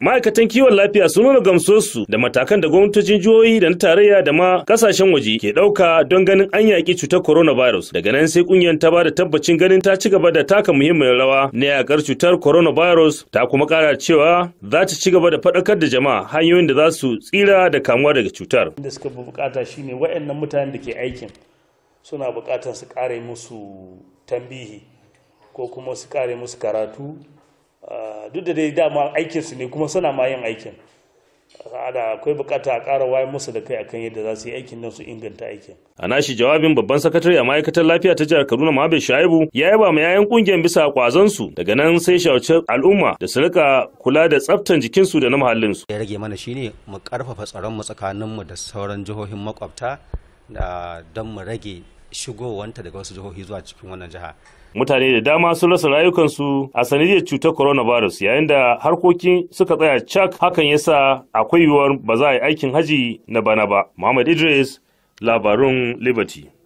ma'aikatan kiwon lafiya sun nuna gamsuwarsu da matakan da gwamnatocin jihohi da na tarayya da ma kasashen waje ke ɗauka don ganin an yaƙi cutar coronavirus daga nan sai kungiyar ta bada tabbacin ganin ta ci gaba da taka muhimmiyar rawa na yaƙar cutar coronavirus ta kuma ƙara cewa za ta ci gaba da faɗakar da jama'a hanyoyin da za su tsira da kamuwa daga cutar. da suka fi bukata shine waɗannan mutanen da ke aikin suna bukatar su kare musu tambihi ko kuma su kare musu karatu duk da dai dama aikinsu ne kuma suna ma yin aikin da akwai bukata a kara wayar musu da kai akan yadda za su yi aikin nan su inganta aikin. A nashi jawabin babban sakatare a ma'aikatar lafiya ta jihar Kaduna Mahabe Shaibu ya yaba ma yayan kungiyar bisa kwazon su daga nan sai shawarci al'umma da su rika kula da tsaftan jikin su da na muhallin su. Ya rage mana shine mu karfafa tsaron mu tsakanin mu da sauran jihohin makwabta da don mu rage shigowanta daga wasu jihohi zuwa cikin wannan jiha mutane da dama sun rasa rayukansu a sanadiyar cutar coronavirus yayin da harkokin suka tsaya cak hakan ya sa akwai yiwuwar ba za a yi aikin haji na bana ba muhammad idris labarun liberty